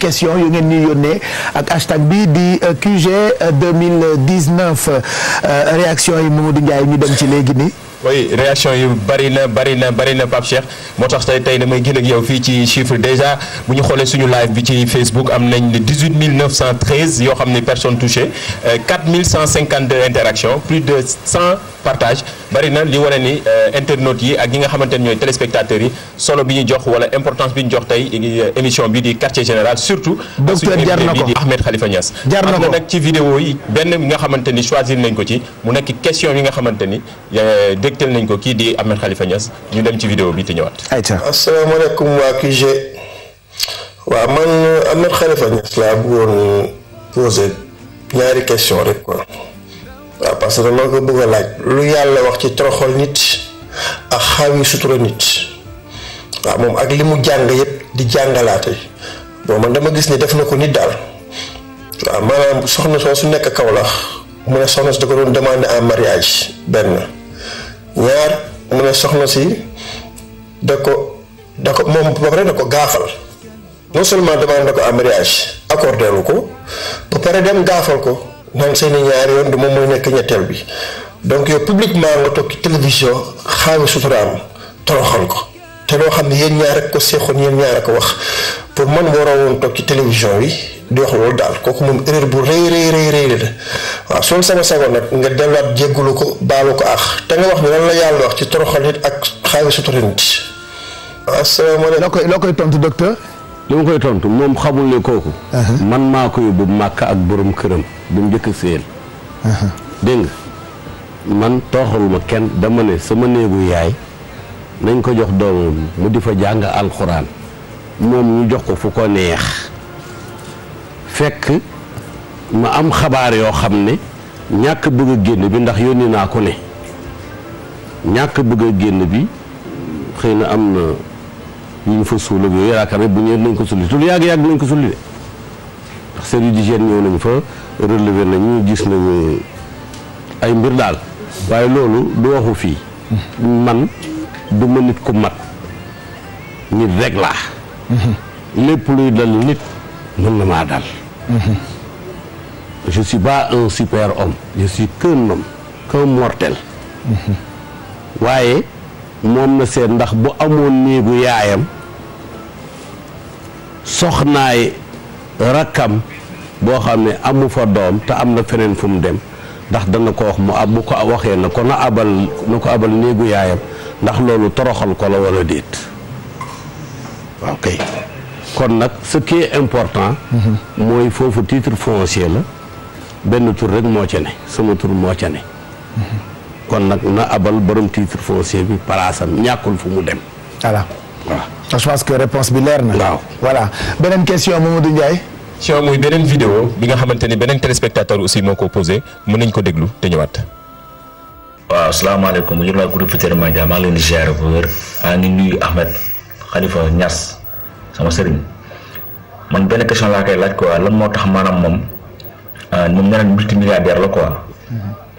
question yu ngeen ñuy yónnee ak hashtag bi di euh, QG 2019 euh, euh, réaction yi moom Mamadou Ndiaye ñu dem ci léegi nii. oui réaction yu bëri na bëri na bëri na Pape Cheikh moo tax tey tey damay gën ak yow fii ci chiffre déjà bu ñu xoolee suñu live bi ci Facebook am nañ 18 913 yoo xam ne personnes touchées 4 152 interactions plus de 100 partages. bari na li wane ni euh, internautes yi ak ñi nga xamante ne ñooy téléspectateurs yi solo bi ñu jox wala importance bi ñu jox tey émission bi di quartier général surtout. docteur jar na ko di Ahmed Khalifa Niass. na ko am na nag ci vidéo yi benn bi nga xamante ni choisir nañ ko ci mu nekk question yi nga xamante ni euh, dégtal nañ ko kii di Ahmed Khalifa Niass ñu dem ci vidéo bi te ñëwaat. ayca asalaamaaleykum waa QG waaw man Ahmed Khalifa Niass laa bëggoon poser ñaari question rek waaw parce que loo ko bëgg a laaj lu yàlla wax ci toroxal nit ak xaawi sutura nit waaw moom ak li mu jàng yëpp di jàngalaate bon man dama gis ni def na ko nit daal waaw maanaam soxna soo su nekk Kaolack mu ne soxna si da ko mariage benn mu ne soxna si da ko da ko moom ba pare da ko gaafal non seulement demandé na ko en mariage accordé ko ba pare dem gaafal ko. naan seen i ñaari yoon di moom mooy nekk ñetteel bi donc yow publiquement nga toog ci télévision xaawi suturaam toroxal ko te loo xam ni yéen ñaar rek ko seexoon yéen ñaar rek ko wax pour man waroo woon toog ci télévision bi di wax loolu daal kooku moom erreur bu rëy rëy rëy rëy la waa soo sama sagoon nag nga delluwaat jéggalu ko baalu ko ax te nga wax ni lan la yàlla wax ci toroxal nit ak xaawi sutura nit. asalaamaaleykum. loo koy loo koy tontu li ma koy tontu moom xamul ne kooku. man maa ko yóbbu màkk ak borom këram bu mu njëkk a séen. dégg nga man tooxaluma kenn dama ne sama néegu yaay nañ ko jox doomam mu di fa jàng alxuraan moom ñu jox ko fu ko neex fekk ma am xabaar yoo xam ne ñàkk bëgg a génn bi ndax yónni naa ko ne ñàkk bëgg a génn bi xëy na am na. ñu ñu fa suul ak yooyu yaakaar ne bu ñëwee nañ ko sulli te lu yàgg-yàgg nañ ko sulli de ndax service d'hygiène ñëw nañu fa relever nañu gis nañu ay mbir daal waaye loolu du waxu fii man du ma nit ku mat nit rek laa lépp luy dal nit mën na maa dal je pas un super homme je suis qu'un homme mortel waaye moom na seet ndax bu amoon néegu yaayam soxnaay rakkam boo xam ne amu fa doom te am na feneen fu mu dem ndax dana ko wax mu ab bu ko waxee na ko na abal na ko abal néegu yaayam ndax loolu toroxal ko la walla déet waaw kon nag ce qui est important mhm. mooy foofu titre foncier la benn tur rek moo ca ne sama tur moo ca ne mhm. kon nag na abal borom titre foncier bi palaasam ñàkkul fu mu dem. voilà waaw. je pense que réponse bi leer na. waaw voilà beneen question moom Mamadou Ndiaye. question muy beneen vidéo bi nga xamante ni beneen téléspectateur aussi moo ko posé mën nañ ko déglu te ñëwaat. waaw salaamaaleykum ñu ngi lay groupe Futurs Médias maa ngi leen di ziar bu wér maa ngi nuyu Ahmed Khalifa Niass sama sëriñ man benn question laa koy laaj quoi lan moo tax maanaam moom euh, moom nee na multimilliardaire la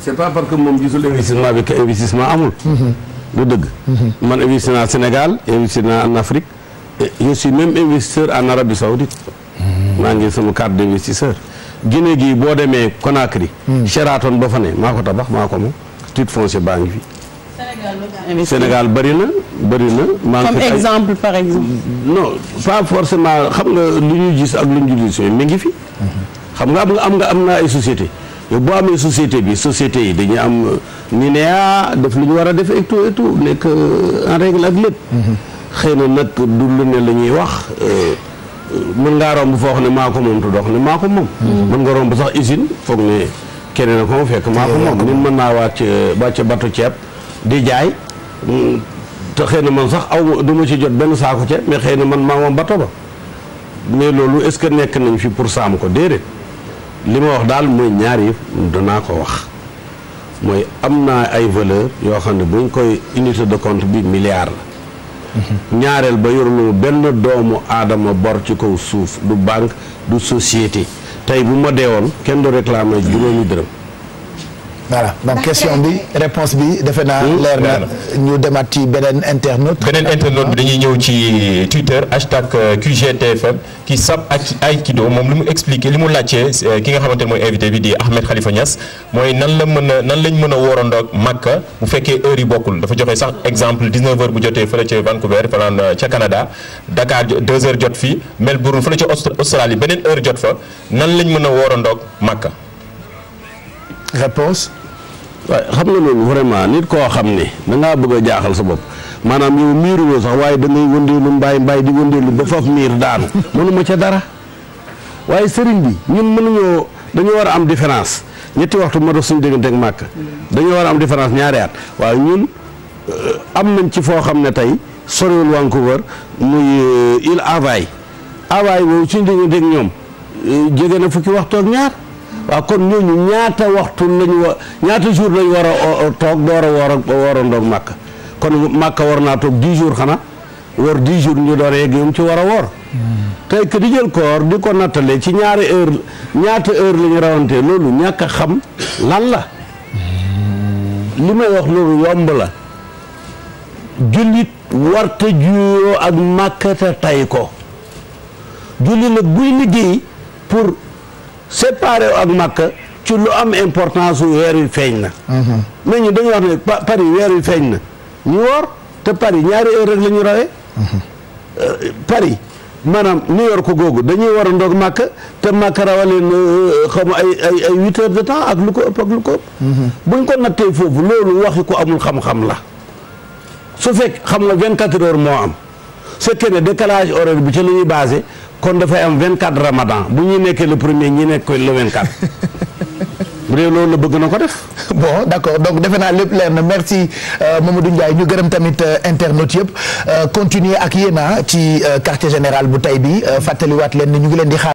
xam nga c'est moom gisul investissement bi que investissement amul. Mm-hmm. lu dëgg. Mm-hmm. man investi naa Sénégal investi naa en Afrique je suis même investisseur en Arabie Saoudite. Mm-hmm. maa ngi sama carte d'investisseur. Guinée gii boo demee Conakry. Mm. Sheraton ba fa ne maa ko tabax maa ko moom titre foncier baa ngi fi. Sénégal bëri na bëri na. maa comme exemple par exemple. non pas forcément xam nga lu ñu gis ak lu ñu gisul mi ngi fi. xam nga am nga am nga am naa ay société yow boo amee société bi société yi dañuy am euh, ñu ne ah, def lu ñu war a def et tout nekk euh, en règle ak lépp. Mhm. xëy na nag du lu ne la ñuy wax euh, mën ngaa romb foo xam ne maa ko moom te ne maa ko mhm. mën nga romb sax usine foog ne keneen a ko ma fekk. maa ko moom nit mën naa wàcc wàcc batu ceeb di jaay. Mm, te xëy na man sax aw du ma ci jot benn saako ceeb mais xëy na man maa moom bato ba mais loolu est-ce que nekk nañu fi pour saam ko déedéet. li ma wax daal mooy ñaar yi danaa ko wax mooy am na ay valeur yoo xam ne buñ koy unité de compte bi milliard la ñaareel ba yorul benn doomu aadama bor ci kaw suuf du banque du société tey bu ma dee woon kenn du réclamer juróomi dërëm voilà donc question bi réponse bi defe naa leer na ñu demaat ci beneen internaute beneen internaute bi dañuy ñëw ci Twitter hashtag euh, QGTFM ki sab ak aikido moom lu mu expliqué li mu laajte euh, ki nga xamante ne mooy invité bi di Ahmed Khalifa Niass mooy nan la mën a nan lañ mën a wóorandoo Makka bu fekkee heure yi bokkul dafa joxe sax exemple 19h bu jotee fële ca Vancouver fanaan ca Canada Dakar 2h jot fii Melbourne fële ca Australie beneen heure jot fa nan lañ mën a wóorandoo Makka. waaye xam na loolu vraiment nit koo xam ne da bëgg a jaaxal sa bopp maanaam yow miiruwoo sax waaye da ngay wëndeelu mbaay mbaay di wëndeelu ba faf miir daanu mënuma ca dara waaye sëriñ bi ñun mënuñoo dañoo war a am différence ñetti waxtu ma dox suñu diggante màkk dañoo war a am différence ñaari at waaye ñun euh, am nañ ci foo xam ne tey soriwul Vancouver muy euh, île Hawaï Hawaï boobu suñu diggante ak ñoom euh, jege na fukki waxtu ak ñaar waaw kon ñooñu ñaata waxtu lañu wa ñaata jour lañu war a toog door a war a war a ndoog màkk kon màkk war naa toog 10 jours xanaa war 10 jours ñu door a yegg yom ci war a woor tey que di jël koor di ko nattalee ci ñaari heure ñaata heure lañu rawantee loolu ñàkk xam lan la li may wax loolu yomb la jullit warta juyoo ak màkkata tey ko jullit nag buy liggéey pour séparé ak Makka ci lu am importance su weer wi feeñ na. mais ñu dañu wax ne Paris weer wi feeñ na ñu woor te Paris ñaari heure rek la ñu rawee. Euh, Paris maanaam New York googu dañuy war a ndoog Makka te Makka rawaleen euh, xaw ma ay ay huit heures de temps ak lu ko ëpp ko ëpp. buñ ko nattee foofu loolu waxi ko amul xam-xam la su fekk xam nga vingt quatre heures moo am su fekkee ne décalage horaire bi ci la ñuy basé. kon dafay am 24 ramadan bu ñuy nekkee le premier ñu nekk koy le 24. bu dee loolu la bëgg na ko def. bon d' accord donc defe naa lépp leer na merci euh, Mamadou Ndiaye ñu gërëm tamit euh, internautes yëpp euh, continuer ak yéen ah, ci quartier général bu tey bi fàttaliwaat leen ni ñu ngi leen di xaar.